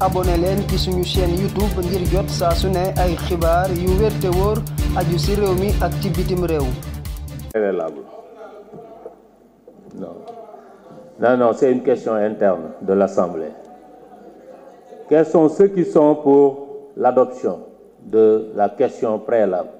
abonné leen ci suñu chaîne YouTube ngir jot saa su ne ay xibaar yu wér aju ci réew mi ak ci bitim réew. non question interne de l'Assemblée. Quels sont ceux qui sont pour l'adoption de la question préalable?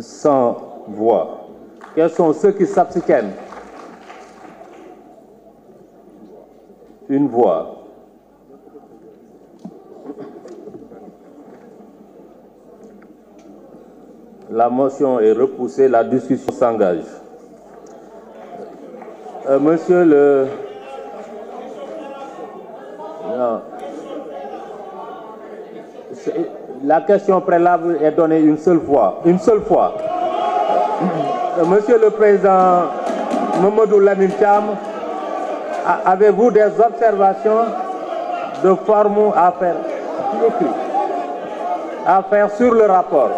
Sans voix. Quels sont ceux qui s'abstiennent Une voix. La motion est repoussée, la discussion s'engage. Euh, monsieur le la question préalable est donnée une seule fois. Une seule fois. Euh, monsieur le Président Mamadou Lamine avez-vous des observations de forme à faire, à faire sur le rapport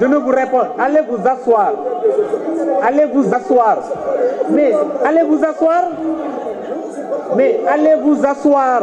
Je ne vous réponds. Allez vous asseoir. Allez vous asseoir. Mais allez vous asseoir.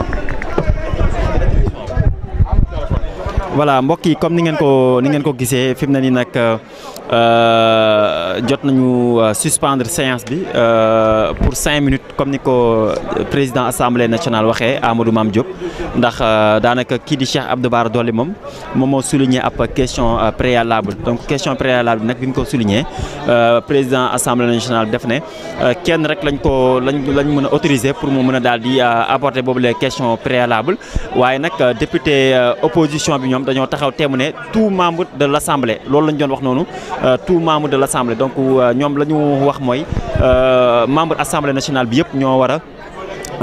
voilà mbokk yi comme ni ngeen ko ni ngeen ko gisee fi mu ne nii euh, jot nañu euh, suspendre séance bi euh, pour cinq minutes comme ni ko président assemblée nationale waxee Amadou Mame jóg ndax daanaka kii di Cheikh Abdou Bara Dolly moom moom moo souligné ab question préalable donc question préalable bi nag bi mu ko souligné président assemblée nationale def ne kenn rek lañ ko lañ lañ mën a autoriser pour mu mën a daal di aborder boobu les question préalables waaye nag député opposition bi ñoom. dañoo taxaw teemu ne tout membre de l' assemblée loolu la ñu doon wax noonu euh, tout membre de l' assemblée donc euh, ñoom la ñu wax mooy euh, membre assemblée nationale bi yëpp ñoo war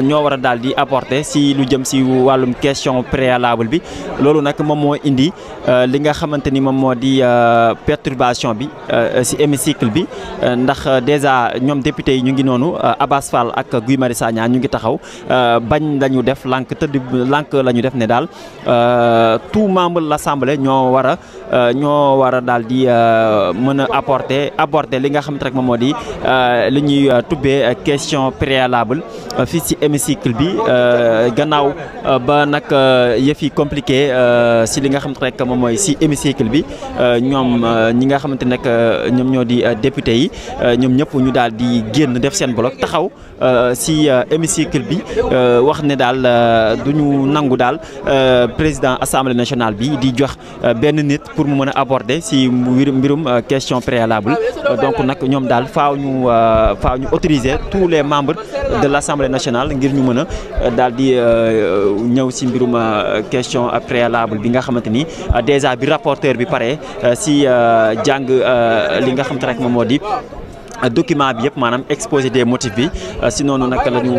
ñoo war a daal di apporter si lu jëm si wàllum question préalable bi loolu nag moom moo indi euh, li nga xamante ni moom moo di euh, perturbation bi euh, si hémicycle bi ndax déjà ñoom député yi ñu ngi noonu Abass Fall ak Guy Marius Sagna ñu ngi taxaw bañ lañu def lànk tëdd lànk la ñu def ne daal tout membre l'assemblée ñoo war a ñoo war a daal di mën a apporter apporter li nga xamante rek moom moo di li ñuy tubbee question préalable fii si hémicycle bi euh, gannaaw euh, ba nag euh, yëf yi compliqué si li nga xamante rek moom mooy si hémicycle bi ñoom ñi nga xamante ne ñoom ñoo di député yi ñoom ñëpp ñu daal di génn def seen bloc taxaw. Euh, si euh, hémicycle bi euh, wax ne daal du ñu nangu daal président assemblée nationale bi di jox benn nit pour mu mën a aborder si mbirum question préalable donc nag ñoom daal faaw ñu faaw ñu autoriser tous les membres de l' assemblée nationale ngir ñu mën a daal di ñëw si mbirum question préalable bi nga xamante ni déjà bi rapporteur bi pare si jàng li nga xamante rek moo di document bi yëpp maanaam exposé des motifs bi euh, si noonu nag la ñu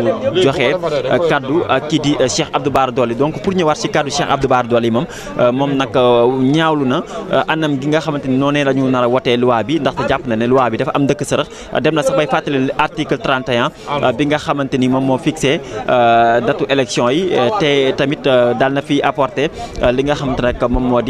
joxee euh, kaddu euh, kii di Cheikh Abdou Bara Dolly donc pour ñëwaat si kaddu Cheikh Abdou dool Dolly moom moom nag ñaawlu na anam gi nga xamante ni noonee la ñu nar a wotee loi bi ndaxte jàpp na ne loi bi dafa am ndëkk sërëx dem na sax bay fàttali article 31 bi nga xamante ni moom moo fixé datu élection yi te tamit daal na fi apporté li nga xamante nag moom moo di